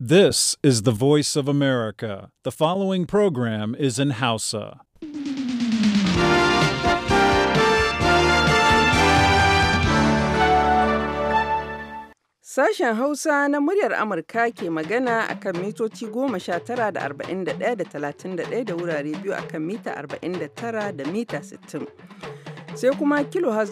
This is the voice of America. The following program is in Hausa. Sashen Hausa na muryar Amurka ke magana a kan mitoci 19 da 41 da 31 da wurare biyu a kan mita 49 da mita 60. sai kuma kilo har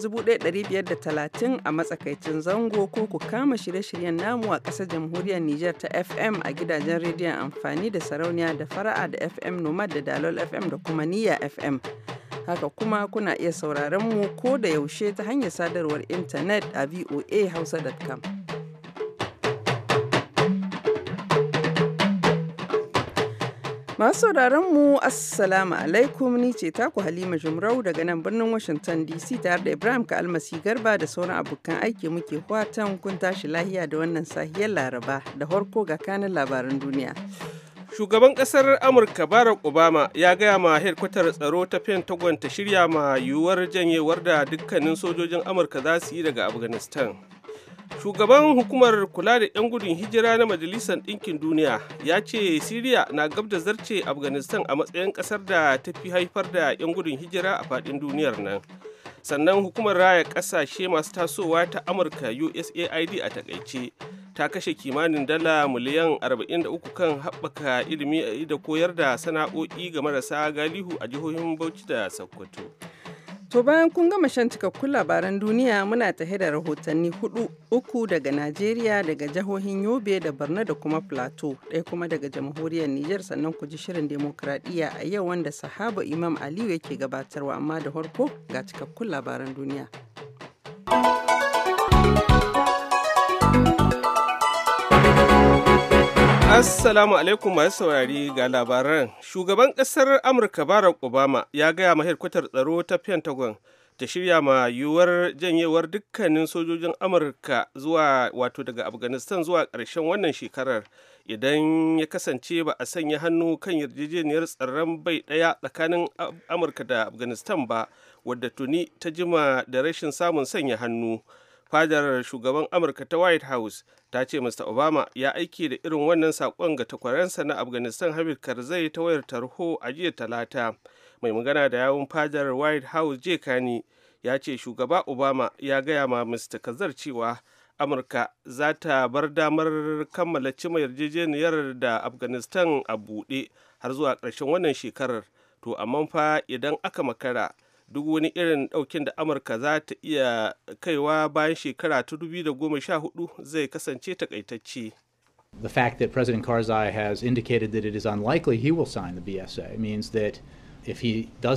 talatin a matsakaicin zango ko ku kama shirye-shiryen namu a ƙasar jamhuriyar Nijar ta FM a gidajen rediyon amfani da sarauniya da fara'a da FM Nomad da Dalol FM da kuma Niyya FM. Haka kuma kuna iya sauraron mu ko da yaushe ta hanyar sadarwar intanet a voa hausa.com. Masu sauraron mu Assalamu alaikum ni ce taku Halima Jumrau daga nan birnin Washington DC tare da Ibrahim Kalmasi Garba da sauran abokan aiki muke fatan kun tashi lahiya da wannan sahiyar Laraba da harko ga kanin labaran duniya. Shugaban kasar Amurka Barack Obama ya gaya ma hedkwatar tsaro ta Pentagon ta shirya ma yiwuwar janyewar da dukkanin sojojin Amurka za su yi daga Afghanistan. shugaban hukumar kula da 'yan gudun hijira na majalisar ɗinkin duniya ya ce siriya na gab da zarce afghanistan a matsayin ƙasar da ta fi haifar da 'yan gudun hijira a faɗin duniyar nan sannan hukumar raya ƙasashe masu tasowa ta amurka usaid a takaice ta kashe kimanin dala miliyan 43 kan haɓaka ilimi da koyar da sana'o'i ga marasa galihu a jihohin bauchi da sokoto To bayan kun gama shan cikakkun labaran duniya muna tahe da rahotanni hudu uku daga Najeriya daga jahohin Yobe da Barna da kuma Plateau ɗaya kuma daga jamhuriyar Nijar sannan ku ji shirin demokradiyya a yau wanda sahaba Imam Aliyu yake gabatarwa amma da farko ga cikakkun labaran duniya. Assalamu alaikum masu saurari ga labaran. Shugaban ƙasar Amurka Barack Obama ya gaya ma kwatar tsaro ta Pentagon ta shirya ma yiwuwar janyewar dukkanin sojojin Amurka zuwa wato daga Afghanistan zuwa ƙarshen wannan shekarar idan ya kasance ba a sanya hannu kan yarjejeniyar tsaron bai ɗaya tsakanin Amurka da Afghanistan ba wadda tuni ta jima da rashin samun sanya hannu. fadar shugaban amurka ta white house ta ce mr obama ya aiki da irin wannan saƙon ga takwarensa na afghanistan hamid karzai ta wayar tarho a jiya talata mai magana da yawun fadar white house jay kani ya ce shugaba obama ya gaya ma mr kazar cewa amurka za ta bar damar kammala cima yarjejeniyar da afghanistan a buɗe har zuwa ƙarshen wannan shekarar to amma fa idan aka makara duk wani irin ɗaukin da amurka za ta iya kaiwa bayan shekara ta 2014 zai kasance takaitacce The fact that President Karzai has indicated that it is unlikely he will sign the BSA means that ya da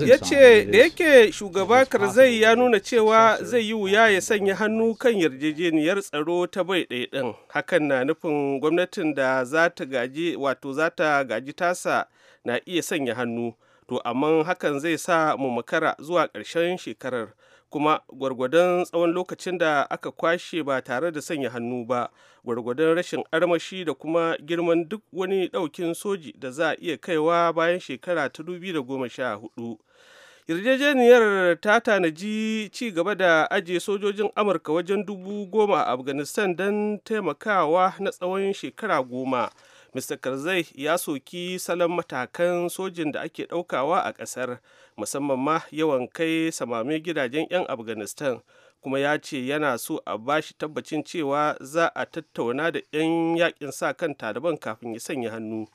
yake shugaba karzai ya nuna cewa zai yi wuya ya sanya hannu kan yarjejeniyar tsaro ta bai ɗaya hakan na nufin gwamnatin da za ta gaji wato za ta gaji tasa na iya sanya hannu to amma hakan zai sa mu makara zuwa ƙarshen shekarar kuma gwargwadon tsawon lokacin da aka kwashe ba tare da sanya hannu ba gwargwadon rashin armashi da kuma girman duk wani ɗaukin soji da za a iya kaiwa bayan shekara ta hudu. yarjejeniyar ta tanaji ci gaba da ajiye sojojin amurka wajen dubu goma a afghanistan don taimakawa na tsawon shekara goma mr karzai ya soki salon matakan sojin da ake ɗaukawa a kasar, musamman ma yawan kai samame gidajen 'yan afghanistan kuma ya ce yana so a bashi tabbacin cewa za a tattauna da 'yan yakin sa kan taliban kafin ya sanya hannu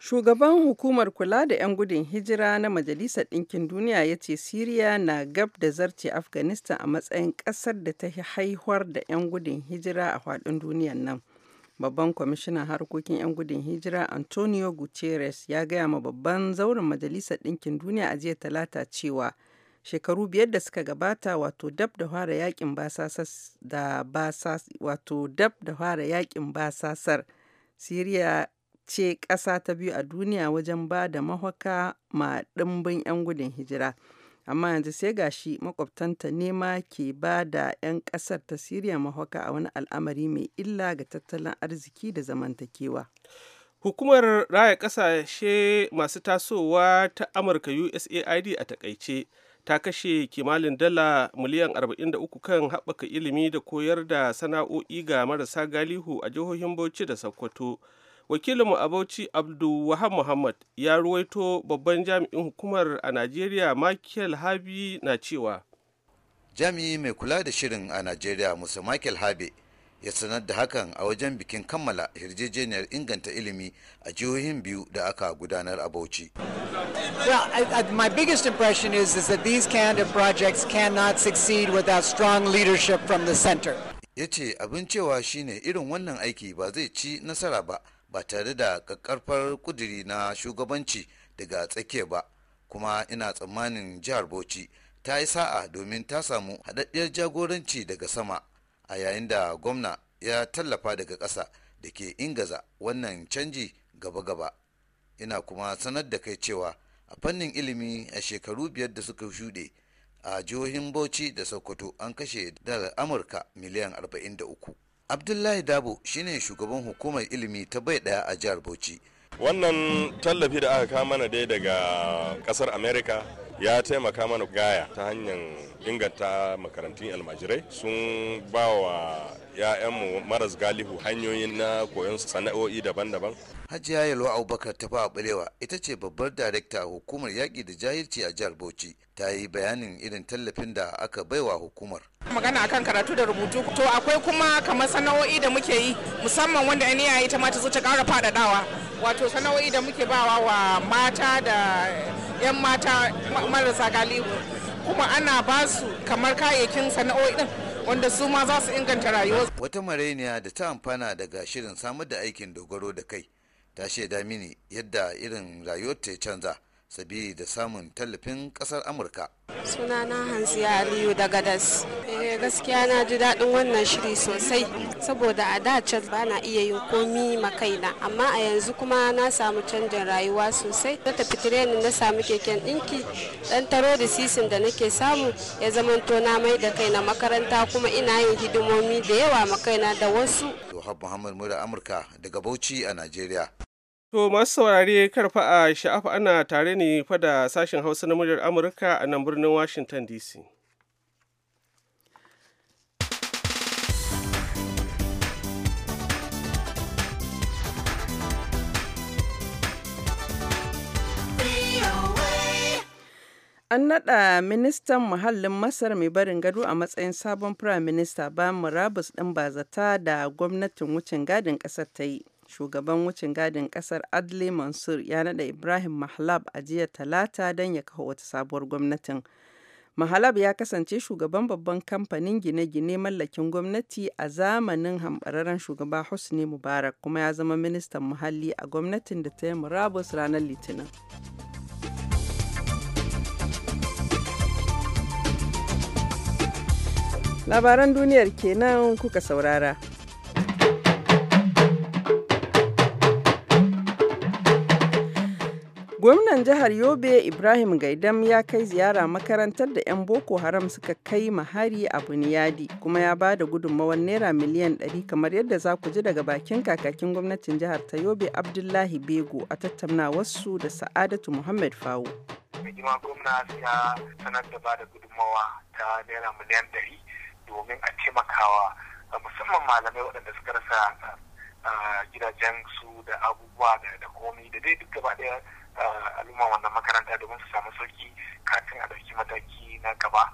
shugaban hukumar kula da 'yan gudun hijira na majalisar ɗinkin duniya ya ce siriya na gab da zarce afghanistan a matsayin ƙasar da ta haihuwar da 'yan gudun hijira a faɗin duniyar nan Babban kwamishinan harkokin 'yan gudun hijira Antonio Guterres ya gaya ma babban zauren Majalisar Ɗinkin Duniya a jiya talata cewa shekaru biyar da suka gabata wato dab da fara yakin basasar da basas basasar Siriya ce ƙasa ta biyu a duniya wajen ba da mahaka ma ɗimbin 'yan gudun hijira. amma yanzu sai gashi makwabtanta nema ke ba da 'yan kasar ta siriya mahauka a wani al'amari mai illa ga tattalin arziki da zamantakewa hukumar raya kasashe masu tasowa ta amurka usaid a takaice ta kashe kimalin dala miliyan 43 kan haɓaka ilimi da koyar da sana'o'i ga marasa galihu a jihohin bauchi da sokoto wakilinmu Abauci bauchi abdulwahab muhammad ya ruwaito babban jami'in hukumar a najeriya michael habi na cewa jami'i mai kula da shirin a najeriya musa michael habi ya sanar da hakan a wajen bikin kammala yarjejeniyar inganta ilimi a jihohin biyu da aka gudanar a bauchi Well, I, I, my biggest impression is, is that these kind of projects cannot succeed without strong leadership from the center. ya abin cewa shine irin wannan aiki ba zai ci nasara ba ba tare da kakkarfar kuduri na shugabanci daga tsakiya ba kuma ina tsammanin jihar bauchi ta yi sa'a domin ta samu haɗaɗɗiyar jagoranci daga sama a yayin da gwamna ya tallafa daga ƙasa da ke ingaza wannan canji gaba-gaba ina kuma sanar da kai cewa a fannin ilimi a shekaru biyar da suka shuɗe a jihohin bauchi da sokoto an kashe dalar amurka miliyan 43 abdullahi dabo shine shugaban hukumar ilimi ta bai daya a jihar bauchi wannan tallafi da aka kama mana dai daga kasar america ya taimaka mana gaya ta hanyar inganta makarantun almajirai sun ba wa 'ya'yanmu maras galihu hanyoyin na koyon sana'o'i daban-daban hajiya yalwa abubakar ta fa balewa ita ce babbar darekta hukumar yaƙi da jahilci a jihar bauchi ta yi bayanin irin tallafin da aka baiwa hukumar magana akan karatu da rubutu to akwai kuma kamar sana'o'i da muke yi musamman wanda 'yan yayi ta zo ta ƙara faɗaɗawa wato sana'o'i da muke bawa wa mata da 'yan mata marasa galihu kuma ana ba su kamar kayayyakin sana'o'i din wanda su ma za su inganta rayuwa. Wata marainiya da ta amfana daga shirin samar da aikin dogaro da kai ta shaida mini yadda irin rayuwar ta canza sabi da samun tallafin kasar amurka sunana hansiya aliyu daga das eh gaskiya na ji daɗin wannan shiri sosai saboda a da can ba na iya yin komi makaina amma a yanzu kuma na samu canjin rayuwa sosai na tafi tirenin na samu keken ɗinki ɗan taro da sisin da nake samu ya zamanto na mai da kaina makaranta kuma ina yin hidimomi da yawa makaina da wasu Wahab Muhammad Mura Amurka daga Bauchi a Najeriya. To masu saurare karfa a sha'afa ana tare ne fa da sashen Hausa na muryar Amurka a nan birnin Washington DC. An naɗa ministan muhallin Masar mai barin gado a matsayin sabon prime minister bayan murabus ɗin bazata da gwamnatin wucin gadin ƙasar ta yi. Shugaban wucin gadin ƙasar Adli Mansur ya naɗa Ibrahim Mahlab a jiya talata don ya kawo wata sabuwar gwamnatin. Mahalab ya kasance shugaban babban kamfanin gine-gine mallakin gwamnati a zamanin hambararren shugaba Hosni Mubarak kuma ya zama ministan muhalli a gwamnatin da ta yi murabus ranar Litinin. Labaran duniyar kenan kuka saurara. Gwamnan jihar Yobe Ibrahim Gaidam ya kai ziyara makarantar da 'yan Boko Haram suka kai mahari a Buniyadi kuma ya ba da gudunmawar Naira miliyan 100 kamar yadda za ku ji daga bakin kakakin gwamnatin jihar ta Yobe Abdullahi Bego a tattaunawarsu da Sa'adatu Muhammad Fawo. ya sanar da ba da gudunmawa ta Naira miliyan 100 domin a taimakawa musamman malamai waɗanda suka rasa gidajen su da abubuwa da komi da dai duk gaba ɗaya al'umma wannan makaranta domin su samu sauki kafin a ɗauki mataki na gaba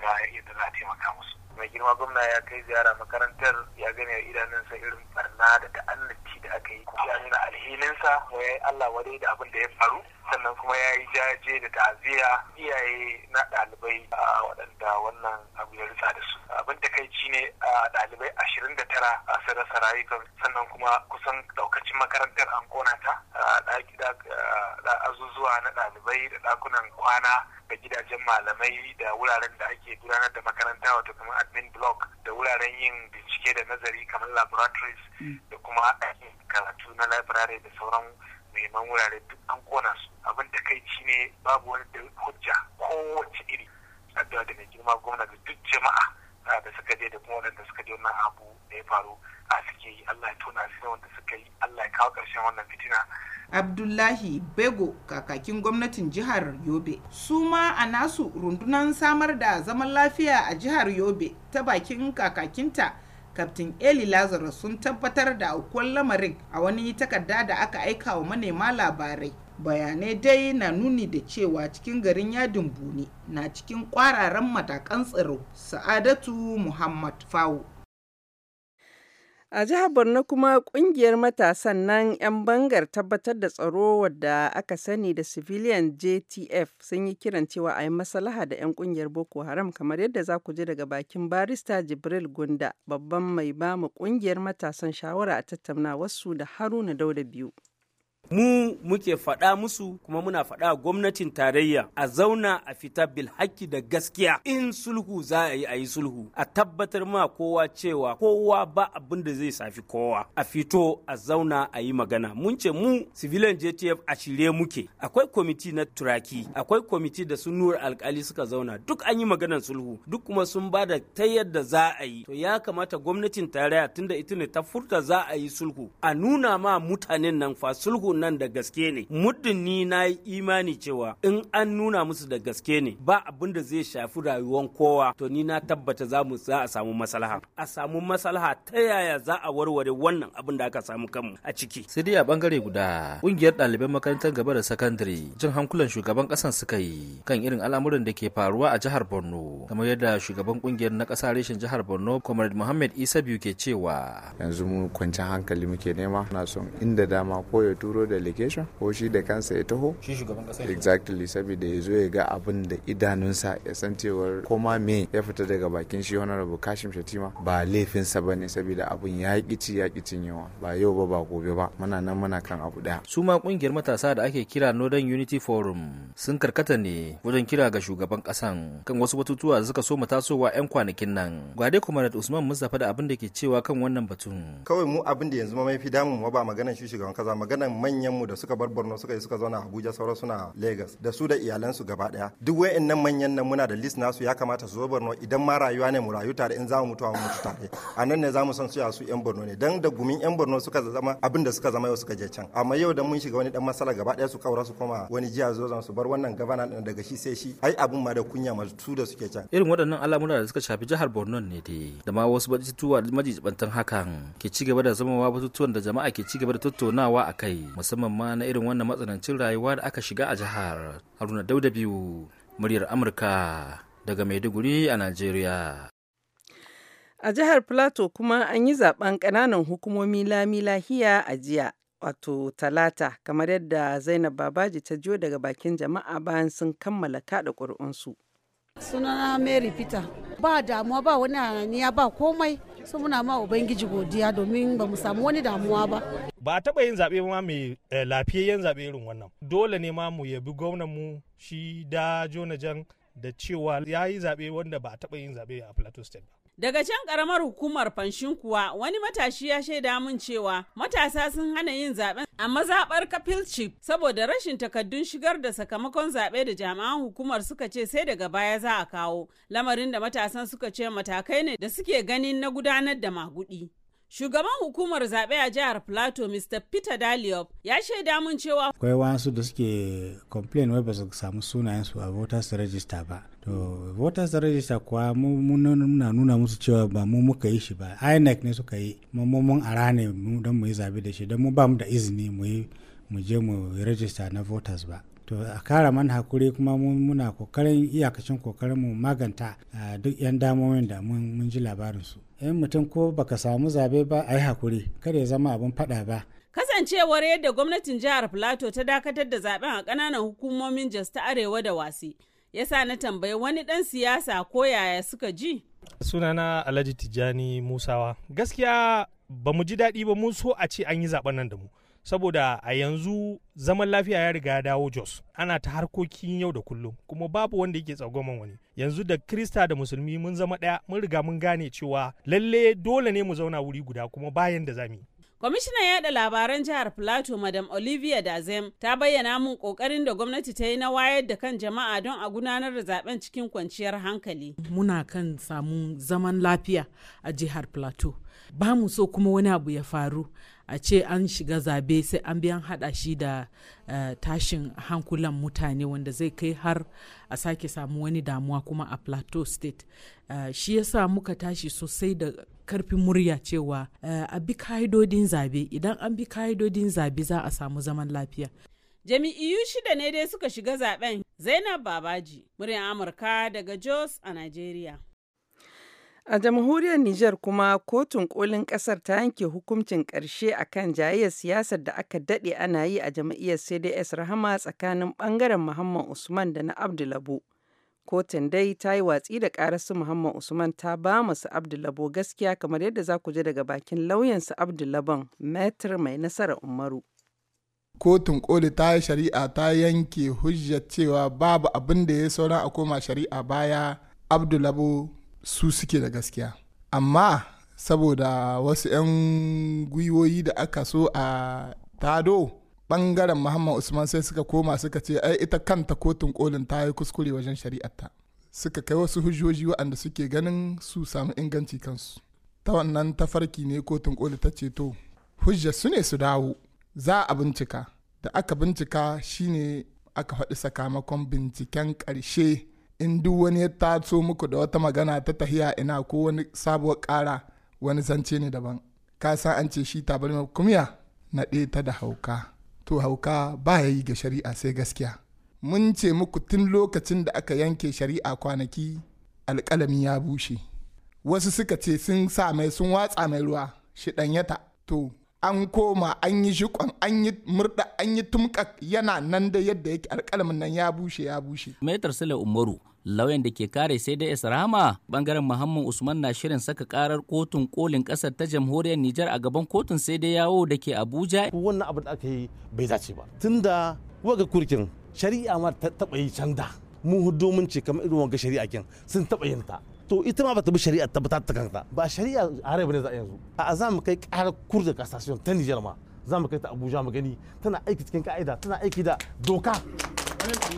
ga yadda za a taimaka musu mai girma gwamna ya kai ziyara makarantar ya gani a idanunsa irin barna da ta'annati da aka yi ya nuna ya wai allah wadai da abin da ya faru sannan kuma ya yi jaje da ta'aziyya iyaye na ɗalibai waɗanda wannan abu ya rusa da su abin da kai ne dalibai ashirin da tara a sarasa rayukan sannan kuma kusan ɗaukacin makarantar an kona ta azuzuwa na ɗalibai da ɗakunan kwana da gidajen malamai da wuraren da ake gudanar da makaranta wato kamar admin block da wuraren yin bincike da nazari kamar laboratories mm. da kuma karatu na library da sauran neman wurare duk an kona su abin da kai ci ne babu wani da hujja kowace iri addu'a da mai girma gwamna da duk jama'a da suka je da kuma wadanda suka je wannan abu da ya faru a suke yi Allah ya tona su wanda suka yi Allah ya kawo ƙarshen wannan fitina Abdullahi Bego kakakin gwamnatin jihar Yobe. Su ma a nasu rundunar samar da zaman lafiya a jihar Yobe ta bakin kakakinta kaftin eli lazarus sun tabbatar da aukuwar lamarin a wani takarda da aka aika wa manema labarai bayanai dai na nuni da cewa cikin garin yadin buni na cikin kwararan matakan tsaro sa'adatu muhammad fawo A jihar Borno kuma kungiyar matasan nan 'yan bangar tabbatar da tsaro wadda aka sani da Civilian JTF sun yi kiran cewa a yi masalaha da 'yan kungiyar Boko Haram kamar yadda za ku ji daga bakin barista Jibril Gunda babban mai bamu mu kungiyar matasan shawara a tattaunawarsu da Haruna Dauda biyu. mu muke faɗa musu kuma muna faɗa gwamnatin tarayya a zauna a fita bil haƙƙi da gaskiya in sulhu za a yi a yi sulhu a tabbatar ma kowa cewa kowa ba abin da zai safi kowa a fito a zauna a yi magana mun ce mu civilian jtf a shirye muke akwai kwamiti na turaki akwai kwamiti da sun nura alkali suka zauna duk an yi maganar sulhu duk kuma sun ba da ta yadda za a yi to ya kamata gwamnatin tarayya tunda ita ne ta furta za a yi sulhu a nuna ma mutanen nan fa sulhu nan da gaske ne muddin ni na yi imani cewa in an nuna musu da gaske ne ba abin da zai shafi rayuwar kowa to ni na tabbata za mu za a samu maslaha a samu maslaha ta yaya za a warware wannan abin da aka samu kanmu a ciki sai dai a bangare guda kungiyar ɗaliban makarantar gaba da sakandare jin hankulan shugaban kasan suka yi kan irin al'amuran da ke faruwa a jihar Borno kamar yadda shugaban kungiyar na kasa reshen jihar Borno Comrade Muhammad Isa biyu ke cewa yanzu mu kwanci hankali muke nema na son inda dama ko ya turo da delegation ko shi da kansa ya taho shi shugaban kasa exactly saboda ya zo ya ga abin da idanunsa ya san cewar koma me ya fita daga bakin shi honorable kashim shatima ba laifinsa ba ne saboda abin ya ci ya cin yawa ba yau ba ba gobe ba muna nan muna kan abu daya su ma kungiyar matasa da ake kira northern unity forum sun karkata ne wajen kira ga shugaban kasan kan wasu batutuwa da suka so mu tasowa yan kwanakin nan gwade kuma da usman mustapha da abin da ke cewa kan wannan batun kawai mu abin da yanzu ma mai fi damu ba maganar shi shugaban kaza maganar manyanmu da suka bar borno suka yi suka zauna abuja sauran suna lagos da su da iyalansu gaba daya duk wayannan manyan nan muna da list nasu ya kamata su zo borno idan ma rayuwa ne mu rayu tare in za mu mutuwa mu mutu tare a nan ne za mu san ya su yan borno ne dan da gumin yan borno suka zama abin da suka zama yau suka je can amma yau da mun shiga wani dan masala gaba daya su kaura su koma wani jiya zo su bar wannan din daga shi sai shi ai abin ma da kunya ma su da suke can irin waɗannan al'amura da suka shafi jihar borno ne dai da ma wasu batutuwa majibantan hakan ke ci gaba da zama batutuwan da jama'a ke ci gaba da tattaunawa a kai musamman ma na irin wannan matsanancin rayuwa da aka shiga a jihar haruna dauda biyu muryar amurka daga maiduguri a nigeria. a jihar plateau kuma an yi zaben kananan hukumomi lami lahiya a jiya wato talata kamar yadda zainab babaji ta jiyo daga bakin jama'a bayan sun kammala kaɗa ƙuri'unsu sunana mary peter ba damuwa ba wani ananiya ba komai su muna ma ubangiji godiya domin ba mu samu wani damuwa ba ba a taba yin zaɓe ma mai eh, lafiyayyen zaɓe irin wannan dole ne ma mu yabi gwamnan mu shi da jona jan da cewa ya yi zaɓe wanda ba a taba yin zaɓe a plateau state ba Daga can karamar hukumar fanshin kuwa wani matashi ya shaida mun cewa matasa sun hana yin zaben a mazabar Kapilchip saboda rashin takaddun shigar da sakamakon zaɓe da jami'an hukumar suka ce sai daga baya za a kawo. Lamarin da matasan suka ce matakai ne da suke ganin na gudanar da magudi. Shugaban hukumar zaɓe a jihar Plateau, Mr. Peter Daliop, ya shaida mun cewa akwai wasu da suke complain wai ba su samu sunayensu a voters register ba. to voters register kuwa muna nuna musu cewa ba mu muka yi shi ba inec ne suka yi mun a ne don mu yi zabe da shi don mu ba mu da izini mu yi mu je mu register na voters ba to a kara man hakuri kuma muna kokarin iyakacin kokarin mu maganta duk yan damomin da mun ji labarinsu yan eh, mutum ko baka samu zabe ba a yi hakuri kada ya zama abin faɗa ba kasancewar yadda gwamnatin jihar plateau ta dakatar da zaben a kananan hukumomin jos ta arewa da wasi yasa na tambayi wani ɗan siyasa ko yaya suka ji. Sunana Alhaji Tijjani Musawa. Gaskiya ba mu ji daɗi ba mu so a ce an yi zaɓen nan da mu. Saboda a yanzu zaman lafiya ya riga ya dawo Jos. Ana ta harkokin yau da kullum kuma babu wanda yake tsagoman wani. Yanzu da Krista da Musulmi mun zama ɗaya mun riga mun gane cewa lalle dole ne mu zauna wuri guda kuma bayan da zamu yi. Kwamishinan yada labaran jihar Plateau Madam Olivia Dazem ta bayyana mun kokarin da gwamnati ta yi na wayar da kan jama'a don a gudanar da zaben cikin kwanciyar hankali. Muna kan samu zaman lafiya a jihar Plateau. Ba mu so kuma wani abu ya faru a ce an shiga zabe sai an biyan hada shi da uh, tashin hankulan mutane wanda zai kai har a sake samu wani damuwa kuma a Plateau State. Uh, shi yasa muka tashi sosai da karfin murya cewa eh, a bi ka'idodin zabe idan an bi ka'idodin zabe za a samu zaman lafiya jami'iyu shida ne dai suka shiga zaben zainab babaji muryan amurka daga jos a nigeria A jamhuriyar Nijar kuma kotun kolin kasar ta yanke hukuncin ƙarshe akan jayayyar siyasar da aka daɗe ana yi a jam'iyyar CDS Rahama tsakanin ɓangaren Muhammad Usman da na abdulabu Kotun dai ta yi watsi da ƙararsu Muhammad Usman ta ba masu Abdullabo gaskiya kamar yadda za ku je daga bakin su Abdullaban metr mai nasara Umaru. Kotun koli ta yi shari'a ta yanke hujja cewa babu abin da ya sauran a koma shari'a baya Abdullabo su suke da gaskiya. Amma saboda wasu 'yan gwiwoyi da aka so a tado bangaren muhammad usman sai suka koma suka ce ai ita kanta kotun kolin ta yi kuskure wajen shari'arta suka kai wasu hujjoji waɗanda suke ganin su samu inganci kansu ta wannan tafarki ne kotun koli ta ce to hujja su ne su dawo za a bincika da aka bincika shine aka faɗi sakamakon binciken ƙarshe in duk wani ya taso muku da wata magana ta tahiya ina ko wani sabuwar ƙara wani zance ne daban ka san an ce shi tabarmar na naɗe ta da hauka to hauka ba ya yi ga shari'a sai gaskiya mun ce muku tun lokacin da aka yanke shari'a kwanaki alƙalami ya bushe wasu suka ce sun sa mai sun watsa mai ruwa shi ɗanyata to an koma an yi shikon an yi murda an yi tumka yana nan da yadda yake alƙalamin nan ya bushe ya bushe maitar sule umaru lauyan da ke kare sai da rama bangaren muhammad usman na shirin saka karar kotun kolin kasar ta jamhuriyar nijar a gaban kotun sai da yawo da ke abuja wannan abu da aka yi bai dace ba tunda waga kurkin shari'a ma ta taba yi canda mun hudu mun ce kamar irin waga shari'a kin sun taba yin ta to ita ma bata bi shari'a ta ta kanta ba shari'a arewa ne za a yanzu a za mu kai karar kurda kasashen ta nijar ma za mu kai ta abuja mu gani tana aiki cikin ka'ida tana aiki da doka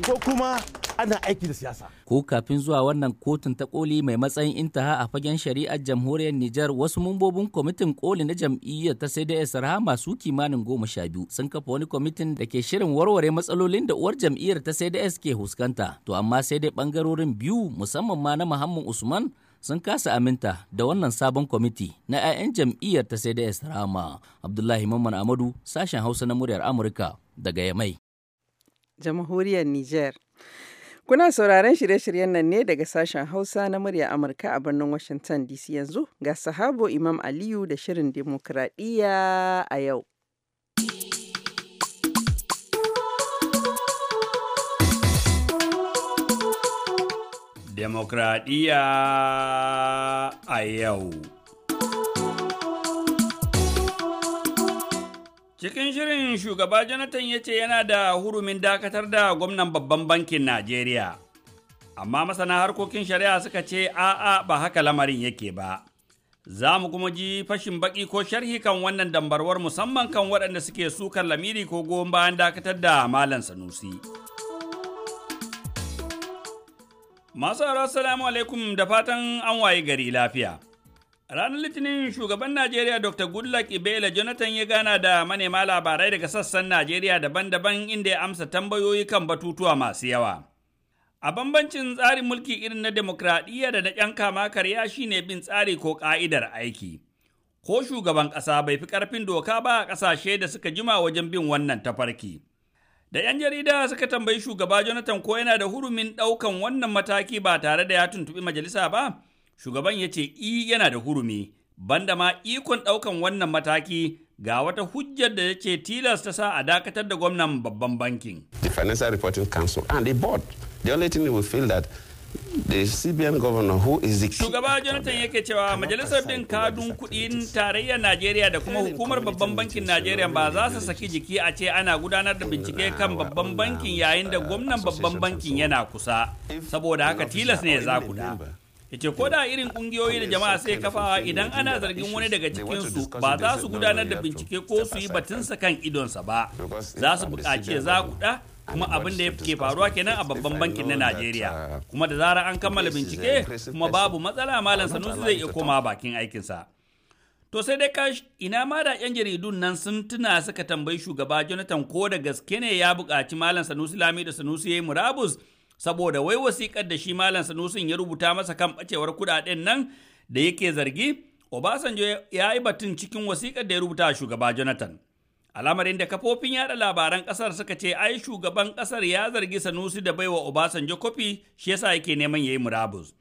ko kuma ana aiki da siyasa. Ko kafin zuwa wannan kotun ta koli mai matsayin intaha a fagen shari'ar jamhuriyar Nijar wasu mambobin kwamitin koli na jam'iyyar ta sai da Sarha masu kimanin goma sha biyu sun kafa wani kwamitin da ke shirin warware matsalolin da uwar jam'iyyar ta sai ke huskanta. To amma sai dai bangarorin biyu musamman ma na Muhammad Usman sun kasa aminta da wannan sabon kwamiti na 'ya'yan jam'iyyar ta sai da Abdullahi Mamman Amadu sashen Hausa na muryar Amurka daga Yamai. jamhuriyar Nijar. Kuna sauraron shirye-shiryen nan ne daga sashen Hausa na murya Amurka a birnin Washington DC yanzu ga sahabo Imam Aliyu da shirin demokradiyya a yau. Demokradiyya a yau. Cikin shirin shugaba Jonathan ya ce yana da hurumin dakatar da gwamnan babban bankin Najeriya. Amma masana harkokin shari'a suka ce a'a ba haka lamarin yake ba. Za mu kuma ji fashin baki ko sharhi kan wannan dambarwar musamman kan waɗanda suke sukar lamiri ko goyon bayan dakatar da Malam Sanusi. Masu salamu alaikum da fatan an waye gari lafiya. Ranar Litinin shugaban Najeriya Dr. Goodluck Ibele Jonathan ya gana da manema labarai daga sassan Najeriya daban-daban inda ya amsa tambayoyi kan batutuwa masu yawa. A bambancin tsarin mulki irin na demokradiyya da na ‘yan kama karya shine bin tsari ko ƙa'idar aiki. Ko shugaban ƙasa bai fi ƙarfin doka ba a ƙasashe da suka jima wajen bin wannan tafarki. Da ‘yan jarida suka tambayi shugaba Jonathan ko yana da hurumin ɗaukan wannan mataki ba tare da ya tuntuɓi majalisa ba, Shugaban ya ce i yana da hurumi, banda ma ikon ɗaukan wannan mataki ga wata hujjar da tilas ta sa a dakatar da gwamnan babban bankin. The Financial Reporting Council and the board, the only thing we feel that the CBN governor who is the Shugaba Jonathan yake cewa majalisar bin kadun kudin tarayyar Najeriya da kuma hukumar babban bankin Najeriya ba za su saki jiki a ce ana gudanar da bincike kan babban bankin yayin da gwamnan babban bankin yana kusa. Saboda haka tilas ne ya za ku da. yace ko da irin kungiyoyi da jama'a sai kafawa idan ana zargin wani daga su ba za su gudanar da bincike ko su yi batunsa kan idon sa ba za su buƙaci za kuɗa kuma abin da ya ke faruwa kenan a babban bankin na Najeriya kuma da zarar an kammala bincike kuma babu matsala malam Sanusi zai iya koma bakin aikin sa. To sai dai kash ina ma da 'yan jaridun nan sun tuna suka tambayi shugaba Jonathan ko da gaske ne ya buƙaci malam Sanusi Lami da Sanusi ya yi murabus saboda wai wasikar da shi Malam Sanusin ya rubuta masa kan ɓacewar kuɗaɗen nan da yake zargi, Obasanjo ya yi batun cikin wasikar da ya rubuta shugaba Jonathan. Alamar inda kafofin yada labaran ƙasar suka ce ai shugaban ƙasar ya zargi Sanusi da baiwa Obasanjo kofi shi yasa yake neman ya yi murabus.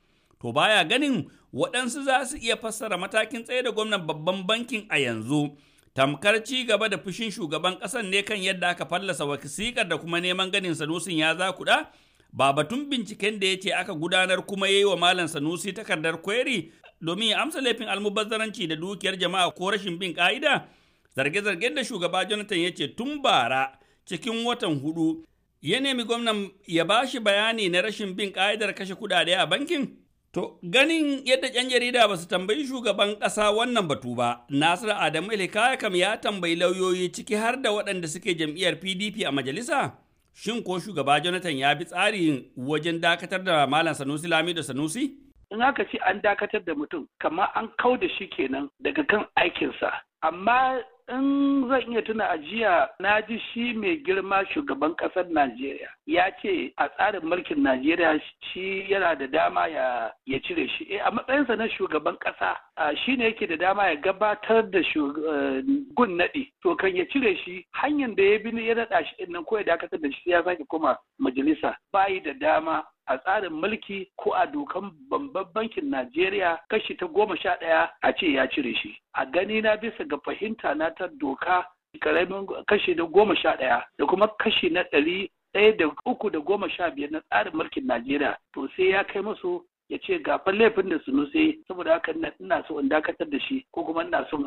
To baya ganin waɗansu za su iya fassara matakin tsaye da gwamnan babban bankin a yanzu. tamkar ci gaba da fushin shugaban ƙasar ne kan yadda aka fallasa wasiƙar da kuma neman ganin sanusin ya za kuɗa ba batun binciken da ya ce aka gudanar kuma ya yi wa Malam Sanusi takardar kweri domin ya amsa laifin almubazzaranci da dukiyar jama'a ko rashin bin ƙa'ida? Zarge-zargen da shugaba Jonathan ya ce tun bara cikin watan hudu ya nemi gwamnan ya ba shi bayani na rashin bin ƙa'idar kashe kuɗaɗe a bankin? To, ganin yadda ‘yan jarida ba su tambayi shugaban ƙasa wannan batu ba, nasir Adamu Ilikaya ya tambayi lauyoyi ciki har da waɗanda suke jam'iyyar PDP a majalisa? Shin ko shugaba Jonathan ya bi tsari wajen dakatar da Malam Sanusi Lami da Sanusi? In aka ce an dakatar da mutum, kamar an kau da shi kenan daga kan aikinsa. Amma in zan iya tuna ajiya na ji shi mai girma shugaban kasar Najeriya ya ce a tsarin mulkin Najeriya shi yana da dama ya cire shi eh, a matsayinsa na shugaban kasa shi ne yake da dama ya gabatar da eh, gun naɗi to kan ya cire shi hanyar da ya bi ya naɗa shi ɗin koya ko ya dakatar da shi ya sake kuma majalisa bayi da dama a tsarin mulki ko a dokan babban bankin Najeriya kashi ta goma sha ɗaya a ce ya cire shi. A gani na bisa ga fahimta na ta doka karamin kashi da goma sha ɗaya da kuma kashi na ɗari ɗaya da uku da goma sha biyar na tsarin mulkin Najeriya to sai ya kai masu. ya ce ga laifin da sai saboda haka ina so in dakatar da shi ko kuma ina so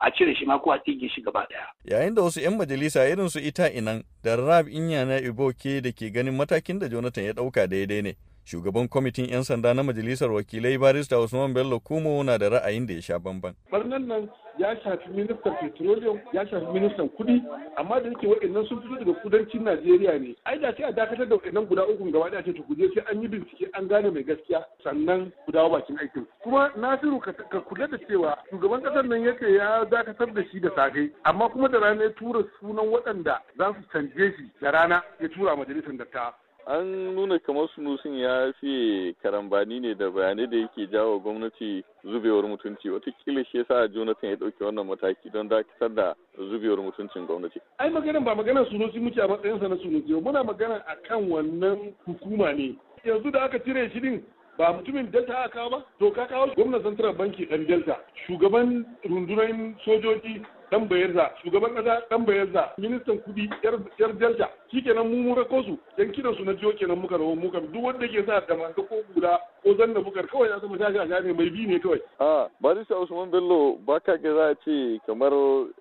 a cire shi ma ko a tsige shi gaba daya yayin da wasu yan majalisa irin su ita inan da rab inya na iboke da ke ganin matakin da jonathan ya dauka daidai ne Shugaban kwamitin 'yan sanda na majalisar wakilai barista Usman Bello Kumo na da ra'ayin da ya sha bamban. Barnan nan ya shafi ministan petroleum ya shafi ministan kudi amma da yake wa'annan sun fito daga kudancin Najeriya ne. Ai da sai a dakatar da wa'annan guda uku gaba da ce ta kuje sai an yi bincike an gane mai gaskiya sannan ku dawo bakin aikin. Kuma Nasiru ka kula da cewa shugaban kasar nan yake ya dakatar da shi da safe amma kuma da rana ya tura sunan waɗanda za su canje shi da rana ya tura majalisar dattawa. an nuna kamar sun ya fiye karambani ne da bayanai da yake jawo gwamnati zubewar mutunci watakila shi yasa jonathan ya dauke wannan mataki don dakatar da zubewar mutuncin gwamnati ai maganin ba maganar sunusi muke a matsayinsa na sunusi muna magana akan wannan hukuma ne yanzu da aka cire shi din ba mutumin delta aka kawo ba to ka kawo gwamnan central banki dan delta shugaban rundunar sojoji dan bayarza shugaban kasa dan bayarza ministan kudi yar delta shikenan mu rako su dan kira su na jiyo kenan muka rawo muka duk wanda ke sa da manga ko gura ko zanna bukar kawai ya zama shashi a ne mai bi ne kawai a barista usman bello baka ga za a ce kamar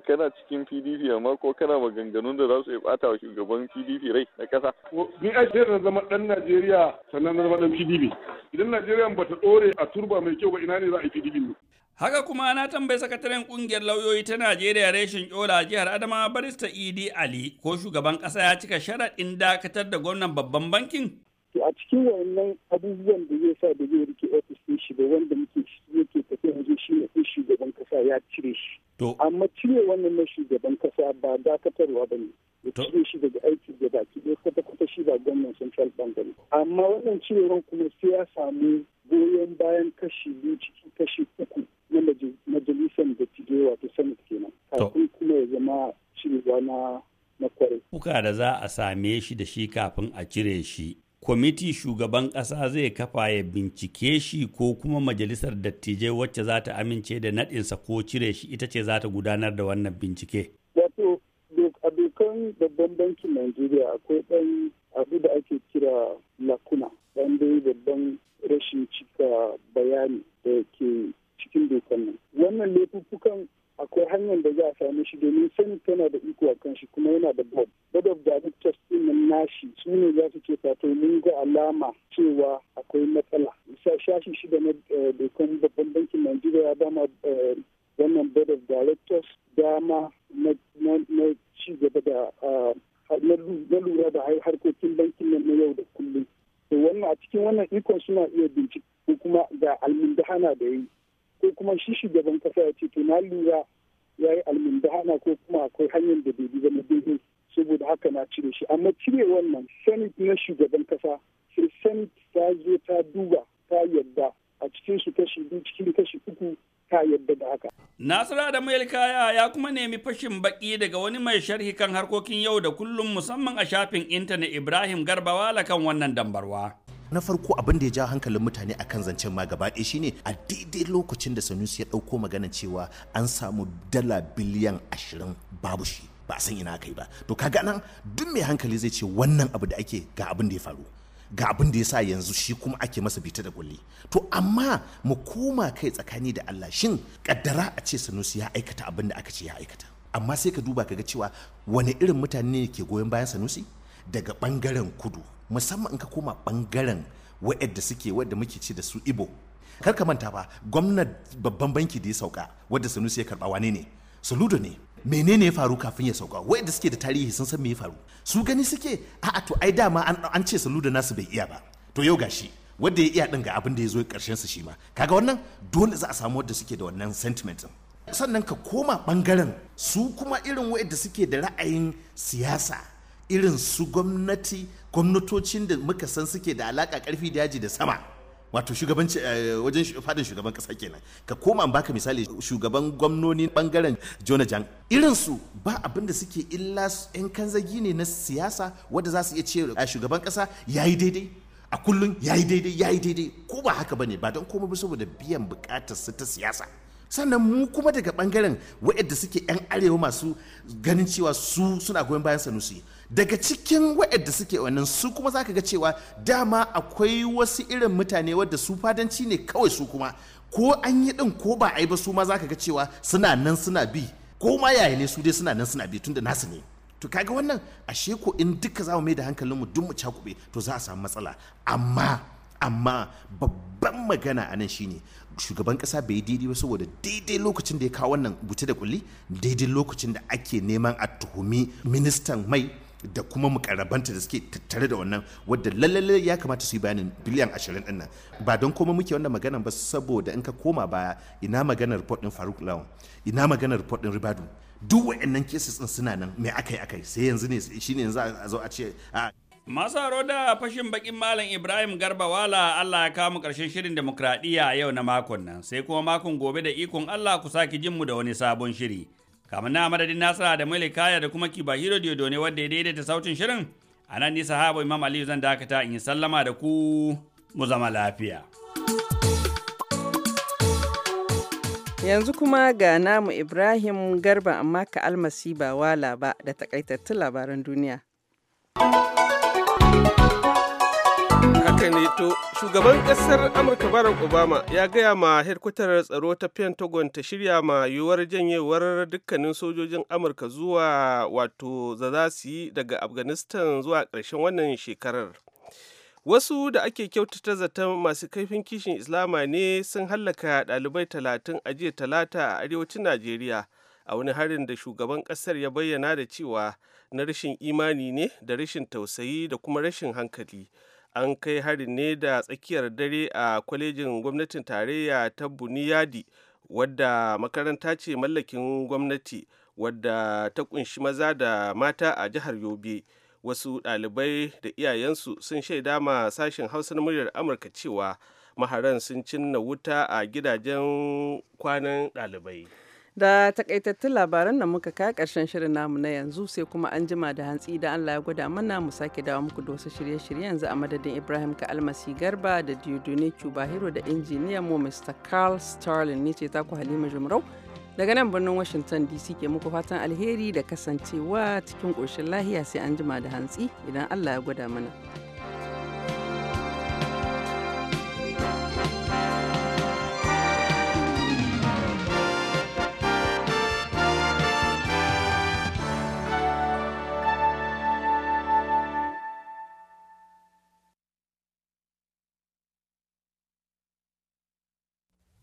kana cikin pdp amma ko kana maganganun da za su bata wa shugaban pdp rai na kasa ni a ce na zama dan najeriya sannan na zama dan pdp idan najeriya ba ta dore a turba mai kyau ba ina ne za a yi pdp ne Haka kuma na tambayi sakataren kungiyar lauyoyi ta Najeriya reshen a jihar Adama barista ed Ali ko shugaban ƙasa ya cika sharaɗin dakatar da gwamnan babban bankin? A cikin wannan abubuwan da ya sa da zai rike ofis ɗin shi da wanda muke yake tafiya yanzu shi ne shugaban ƙasa ya cire shi. To. Amma cire wannan na shugaban ƙasa ba dakatarwa ba ne. Ya cire shi daga aiki da baki ɗaya kwata-kwata shi ba gwamnan Central Bank ba ne. Amma wannan cirewan kuma sai ya samu goyon bayan kashi biyu cikin kashi uku na majalisar da wato senate kenan kafin kuma ya zama cirewa na na kwarai. Kuka da za a same shi da shi kafin a cire shi. Kwamiti shugaban ƙasa zai kafa ya bincike shi ko kuma majalisar dattijai wacce za ta amince da naɗinsa ko cire shi ita ce za ta gudanar da wannan bincike. Wato, a dokan babban bankin Najeriya akwai ɗan abu da ake kira lakuna, ɗan dai babban rashin cika bayani da ke cikin dokan nan wannan laifuffukan akwai hanyar da za a same shi domin sani tana da iko a kan shi kuma yana da board board of directors din nan nashi su ne za su ce fato mun ga alama cewa akwai matsala shashi shida na eh, dokan babban bankin najeriya ya ma eh, wannan board of directors dama na ci gaba da ah, na lura da harkokin bankin nan na yau da kullum to wannan a cikin wannan ikon suna iya bincike kuma ga almundahana da yi sai kuma shi shugaban kasa ya ce to na lura ya yi almundahana ko kuma akwai hanyar da bai zama daidai saboda haka na cire shi amma cire wannan senate na shugaban kasa sai senate ta zo ta duba ta yadda a cikin su kashi biyu cikin kashi uku ta yadda da haka. Nasira da Mayel Kaya ya kuma nemi fashin baki daga wani mai sharhi kan harkokin yau da kullum musamman a shafin intanet Ibrahim Garbawa kan wannan dambarwa. na farko abin da ya ja hankalin mutane akan zancen ma gaba ɗaya shine a daidai lokacin da sanusi ya ɗauko magana cewa an samu dala biliyan ashirin babu shi ba san ina kai ba to kaga nan duk mai hankali zai ce wannan abu da ake ga abin da ya faru ga abin da ya sa yanzu shi kuma ake masa bita da kulli to amma mu koma kai tsakani da Allah shin kaddara a ce sanusi ya aikata abin da aka ce ya aikata amma sai ka duba ka ga cewa wani irin mutane ne ke goyon bayan sanusi daga bangaren kudu musamman in ka koma bangaren wa'yadda suke wadda muke ce da su ibo kar ka manta ba gwamnat babban banki da ya sauka wadda sanusi ya karba wane ne saludo ne menene ya faru kafin ya sauka wa'yadda suke da tarihi sun san me ya faru su gani suke a'a to ai dama an ce saludo nasu bai iya ba to yau gashi wadda ya iya din ga abin da ya zo karshen su shi ma kaga wannan dole za a samu wadda suke da wannan sentiment sannan ka koma bangaren su kuma irin wa'yadda suke da ra'ayin siyasa irin su gwamnati gwamnatocin da muka san suke da alaka karfi da yaji da sama wato shugabanci eh, wajen fadin shugaban kasa kenan ka koma baka misali shugaban gwamnoni bangaren jona jan irin su ba abin da suke illa yan kanzagi ne na siyasa wadda za su iya ce eh, shugaban kasa yayi daidai a kullum yayi daidai yayi daidai ko ba haka ne ba don koma ba saboda biyan bukatar su ta siyasa sannan mu kuma daga bangaren wa'yanda suke 'yan arewa masu ganin cewa su suna goyon bayan sanusi daga cikin wa'yanda suke wannan su kuma za ka ga cewa dama akwai wasu irin mutane wadda su fadanci ne kawai su kuma ko an yi din ko ba a yi ba su ma za ka ga cewa suna nan suna bi ko ma yaya ne su dai suna nan suna bi tunda nasu ne to kaga wannan ashe ko in duka za mu mai da hankalinmu duk mu cakube to za a samu matsala amma amma babban magana a nan shine shugaban kasa bai daidai ba saboda daidai lokacin da ya kawo wannan buce da kulli daidai lokacin da ake neman a tuhumi ministan mai da kuma mukarabanta da suke tattare da wannan wadda lalle ya kamata su yi bayanin biliyan ashirin din ba don koma muke wannan maganar ba saboda in ka koma baya ina maganar report din Faruk Lawan ina maganar report din Ribadu duk waɗannan cases din suna nan me akai akai sai yanzu ne shine yanzu a zo a ce a Masu haro da fashin bakin Malam Ibrahim garba wala Allah ya kamu karshen shirin demokradiyya yau na makon nan sai kuma makon gobe da ikon Allah ku sake jinmu da wani sabon shiri. Kamar na madadin Nasara da Mali Kaya da kuma hiro Diodo ne wadda ya daidaita sautin shirin. A nan ni sahabo Imam Aliyu zan dakata in yi sallama da ku mu zama lafiya. Yanzu kuma ga namu Ibrahim Garba amma ka almasi ba wala ba da takaitattun labaran duniya. shugaban ƙasar Amurka Barack Obama ya gaya ma hedkwatar tsaro ta Pentagon ta shirya ma yiwuwar janyewar dukkanin sojojin Amurka zuwa wato za daga Afghanistan zuwa ƙarshen wannan shekarar. Wasu da ake kyautata zaton masu kaifin kishin Islama ne sun hallaka ɗalibai talatin a jiya talata a arewacin Najeriya a wani harin da shugaban ƙasar ya bayyana da cewa na rashin imani ne da rashin tausayi da kuma rashin hankali. an kai harin ne da tsakiyar dare a kwalejin gwamnatin tarayya ta buniyadi wadda makaranta ce mallakin gwamnati wadda ta kunshi maza da mata a jihar yobe wasu ɗalibai da iyayensu sun shaida ma sashen hausar muryar amurka cewa maharan sun cinna wuta a gidajen kwanan ɗalibai Da takaitattun labaran da muka kai karshen shirin namu na yanzu sai kuma an jima da hantsi da Allah ya gwada mana mu sake dawo muku da wasu shirye-shirye yanzu a madadin Ibrahim ka almasi garba da Diodone Cubahiro da injiniyan mu Mr. Carl Starlin ne ce ta ku Halima Jumrau. Daga nan birnin Washington DC ke muku fatan alheri da kasancewa cikin ƙoshin lahiya sai an jima da hantsi idan Allah ya gwada mana.